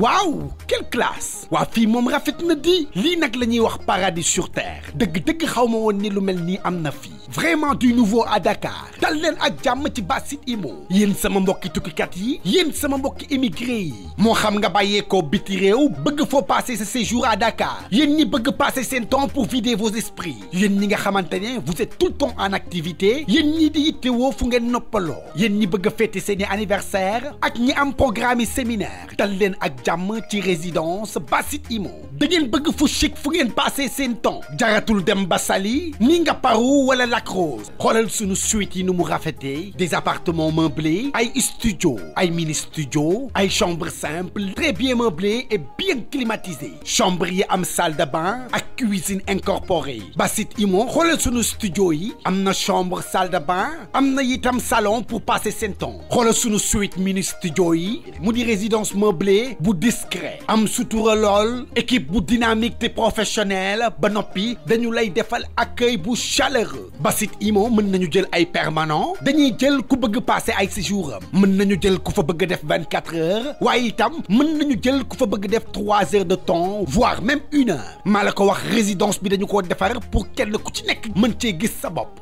¡Wow! quelle classe Wa fi mom rafet na di li nak lañuy wax paradis sur terre deug deug xaw won ni lu mel ni am vraiment du nouveau à Dakar dal leen ak ci Basit Imo Yen sama mbokki yen yi yeen sama mbokki immigré yi xam nga ko biti rew bëgg fo passer ce séjour à Dakar yeen ni bëgg passer sen temps pour vider vos esprits yeen ni nga vous êtes tout le temps en activité yeen ni di wo fu ngeen noppalo yeen ni bëgg fêter anniversaire ak ñi am programme séminaire dal leen ak ci résidence Basit Imo da ngeen bëgg fu chic fu ngeen passé seen temps jaratul dem ba ni nga paru wala la Rose xoolal suñu suite yi des appartements meublés ay studio ay mini studio ay chambre simple très bien meublé et bien climatisé chambre yi am salle de bain ak cuisine incorporée Basit Imo xoolal suñu studio yi am chambre salle de bain amna itam salon pour passer seen temps xoolal suñu suite mini studio yi mu di résidence meublée bu discret am sutura lol équipe bu dynamique té professionnelle ba noppi dañu lay défal accueil bu chaleureux basit imo mën nañu jël ay permanent dañuy jël ku bëgg passer ay séjour mën nañu jël ku fa bëgg def 24 heures waye itam mën nañu jël ku fa bëgg def 3 heures de temps voire même 1 heure malako wax résidence bi dañu ko défar pour kenn ku ci nekk mën ci gis sa bopp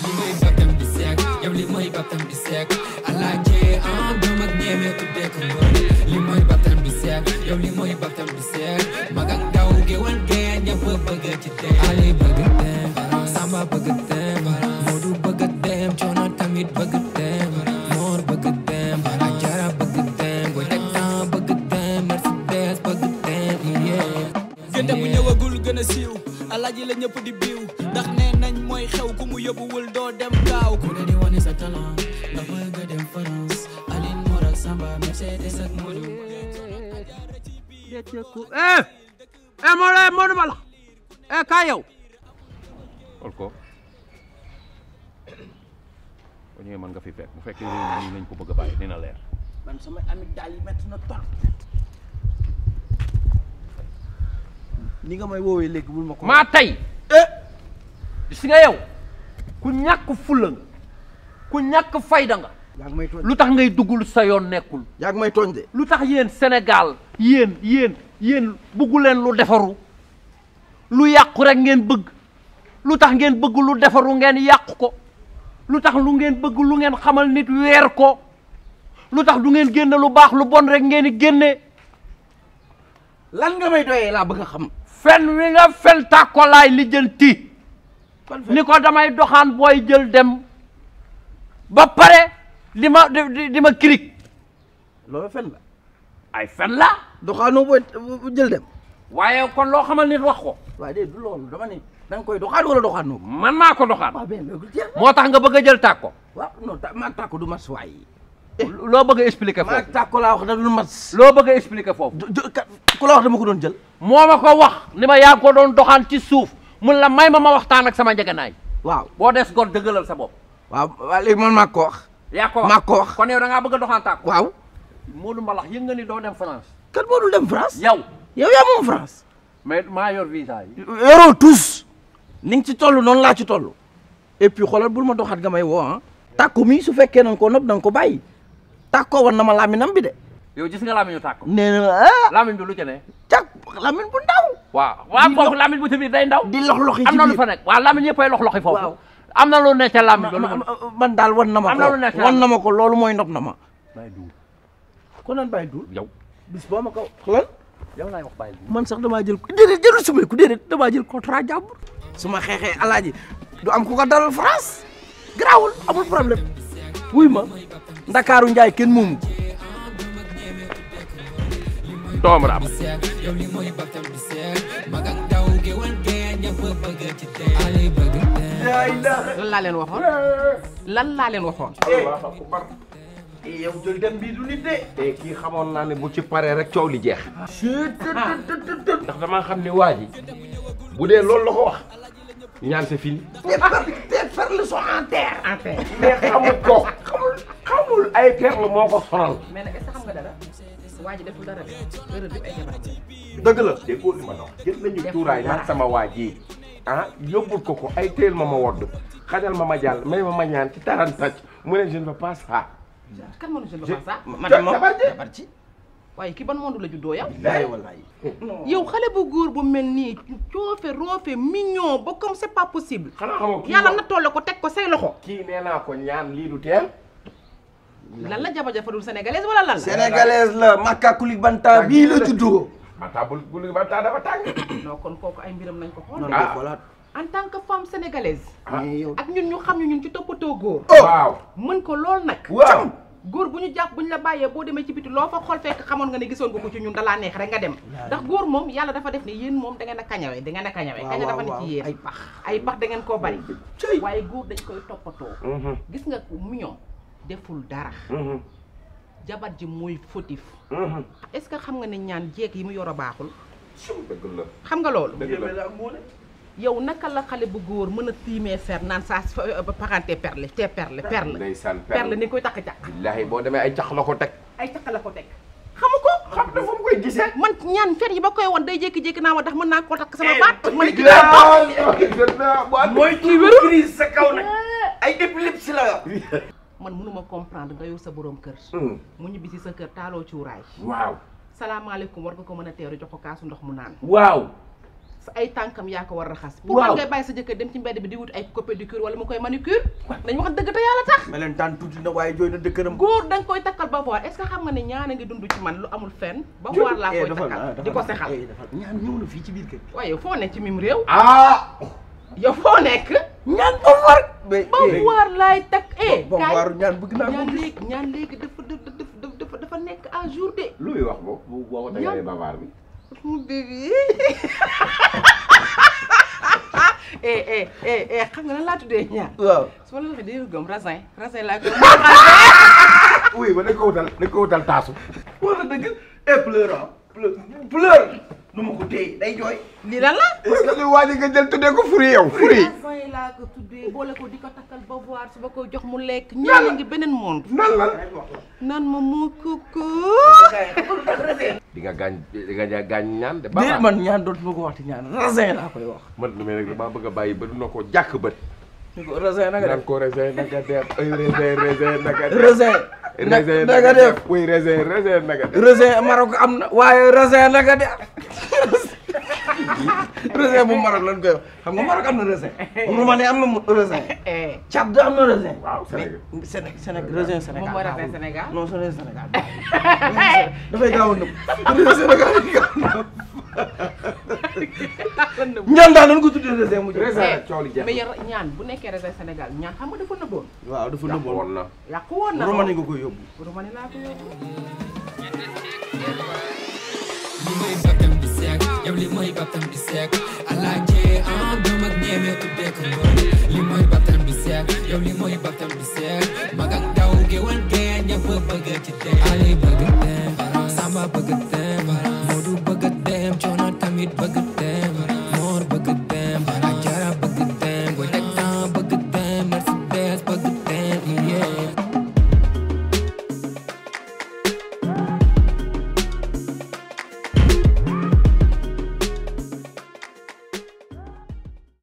يمي بتم بسياك يولي مي بتم بسياك على جي آن دومك نيمي تبديك لمي بتم بسياك يولي مي بتم بسياك مغان داوغي وان جيان يبو بغتتين علي بغتين سامبا بغتين مودو بغتين جونا تميد بغتين مور بغتين عجارة بغتين بوتكتا بغتين مرسيدس بغتين gën a bu ñëwagul gën a siiw alaaji la ñëpp di biiw ndax neen we up, we will do them cow. Could anyone is a talent, the boy got them for us. I didn't know that samba, me say this at Modu. Eh! Eh, more, eh, more, more. Eh, Kayo. Olko. bu ñëwee mën nga fi fekk bu fekkee réew mi nañ ko bëgg a bàyyi dina leer man sama amygdale yi met na trop ni nga may woowee léegi bul ma ko maa tey eh gis nga ku ñak fulla nga ku ñak fayda nga lu tax ngay dugul sa yon nekul yaa may yen de lu tax yéen sénégal yeen yeen yéen bëggu lu defaru lu yàqu rek ngeen bëgg lu tax ngeen bëgg lu defaru ngeen yàqu ko lu tax lu ngeen bëgg lu ngeen xamal nit wër ko lu tax du ngeen genn lu bax lu bon rek ngeen genné lan nga may doye la bëgg xam fen wi nga ni ko damay doxaan booy jël dem ba pare di ma di ma kirig loolu fen la ay fen la doxaanoo booy jël dem waaye kon loo xamal nit wax ko waaye du loolu dama ni da nga koy doxaan wala doxaanoo man maa ko doxaan moo tax nga bëgg a jël tàkko waaw non maa tàkko du mas waay eh, loo bëgg a expliquer foofu maa laa wax da du loo bëgg a expliquer foofu ku dama ko doon jël moo ma ko wax ni ma yaa ko doon doxaan ci suuf mun la may ma ma waxtaan ak sama njëganaay. waaw bo dess gor deugalal sa bop waaw léegi mon maa ko wax. ya ko wax ko wax. kon yow da nga bëgg a doxantaako. waaw. Modou malax yëg nga ni doo dem France. kan boo dem France. yow yow ya mo France. mais ma yor visa yi. yoroo tous. ni nga ci tollu non la ci tollu et puis xolal bul ma doxat gamay wo woo ah. mi su fekke non ko koo dang ko bàyyi. takko war na ma laminam bi de. Yo, gis nga lamiñu tàkk nee na ah lamiñ bi lu ne eh. cak lamin bu ndaw Wa wa foofu lamin bu ci biir day ndaw di lox loxi am Amna lu fa nek. Wa lamiñ yëppay lox loxi foofu am na lu ne ca lamiñ dulu. man daal wan na ma ko wan na ma ko lolou moy ndop nama. Bay dul. ko nan bay dul. yow bis bo mako ko yow lay wax bay dul. man sax dama jël ko déedéet jëlu ku dede dama jël contrat jàmbur Suma xexé aladi du am ku ko dalal France Grawul amul problème wuy ma ndakaaru njaay ken moomu doom raam lan laa leen waxoon lan laa leen waxoon eh, dem bii du nit de te eh, kii xamoon naa ne bu ci paree rek coow li jeex ndax damaa xam ne waa ji bu dee loolu la ko wax ñaan c'est fini te perle sont en terre mais xamul ko xamul xamul ay perle moo ko sonal waa ji deful dara de dëgg la déggoo li ma la wax cuuraay nag sama waa ji ah yóbbul ko ko ay téel ma ma wodd xajal ma ma jàll may ma ma ñaan ci tarantac mu ne je ne veux pas kan moo ne je ne veux waaye ki ban monde la juddoo yow. laay walaay. yow xale bu góor bu mel nii coofe roofe mignon ba comme c'est pas possible. xanaa xamoo na toll ko teg ko say loxo. kii nee naa ko ñaan lii du teel. lan la jaba jafadul sénégalaise wala lan la. sénégalaise la Makka Koulibantang bii la juddoo. Makka Koulibantang dafa tàng. non kon kooku ay mbiram nañ ko xool. nañ ko xoolaat en tant que femme sénégalaise. Ah. ak ñun ñu xam ñu ñun ci toppatoo góor. Oh. mën ko lool nag. waaw góor bu ñu jàpp bu ñu la bàyyee boo demee ci biti loo fa xool fekk xamoon nga ne gisoon nga ko ci ñun dalaa neex rek nga dem ndax góor moom yàlla dafa def ne yéen moom da ngeen a kañawee da ngeen a kañawee kaña dafa ne ci yéen ay pax ay pax da ngeen koo bari góor dañ koy toppatoo mhm. gis nga mignon deful dara jabar ji mooy fautif est-ce que xam nga ne ñaan jeeg yi mu yor a baaxul xam nga loolu yow naka la xale bu góor mën a tiimee fer naan saa paxante perle te perle perle perle ni koy takk caq billaahi boo demee ay caq la ko ay caq la ko teg xamu ko xam na fu mu koy gisee man ñaan fer yi ba koy woon day jékki-jékki naa ma ndax mën naa ko takk sama baat ma ni ki mooy ci wéru sa kaw nag ay épilepsie la ma comprendre nga yor sa borom kër. Hmm. mu ñibbi si sa kër taaloo cuuraay. waaw salaamaaleykum war nga ko mën a teeru jox ko kaasu ndox mu naan. waaw. sa ay tànkam yaa ko war a raxas. waaw mu koy manucure. dañu wax dëgg te yàlla tax. ma leen tànn tuuti na waaye jooy na dëkkëram. góor da nga koy takkal ba boor est xam nga ne ñaan a ngi dund ci man lu amul fenn. ba boor laa eh, koy takkal di ko sexal. Eh, ñaan ñëw na fii ci biir kër. waaye foo nekk ci mim réew. Ah! yow foo nekk. ñaan ba war. ba eh. war laay takk eh. ba waru ñaan bëgg naa ko ñan ñaan léegi dafa dafa dafa nekk à jour de. lu muy wax boobu boo ko tegalee bavaar bi. mon bébé. Eh, eh eh eh xam nga lan laa tuddee ñaan. waaw su ma la waxee dégg gëm raisin raisin laa gëm. oui ba dañ ko wutal dañ ko wutal taasu. wala dëgg épleur blur, bleu nu ma day jooy. lii lan la. est-ce que li waa nga jël tuddee ko furi yow furi. poisson laa ko tuddee boole ko di ko ba voir su ba jox mu lekk. nan ngi beneen monde. nan nan ma koko. di nga di nga ñaan de. man ñaan ñaan koy wax. man lu rek bëgg ba ko def ay def. raisin naka def oui raisin raisin naka def. raisin am na waaye raisin naka def raisin bu Maroc lan koy wax am na raisin. Roumanie am na raisin. Eh. Tchad am na raisin. waaw Sénégal Sénégal raisin Sénégal. moom mooy ah, raisin Sénégal non gaaw a nëb. raisin ñaan daal nañ ko tuddé raisin mu jé mais ñaan bu nekké raisin Sénégal ñaan xam nga dafa nëbboon waaw dafa nëbboon woon na yak won na romani nga koy yobbu romani ko di seek yow li mooy baptam di seek alaajee ah doom ak ñeemee tuddee ko ngoon li mooy baptam di seek yow li mooy baptam di seek mag ñëpp bëgg ci bëgg bëgg meet Baghdad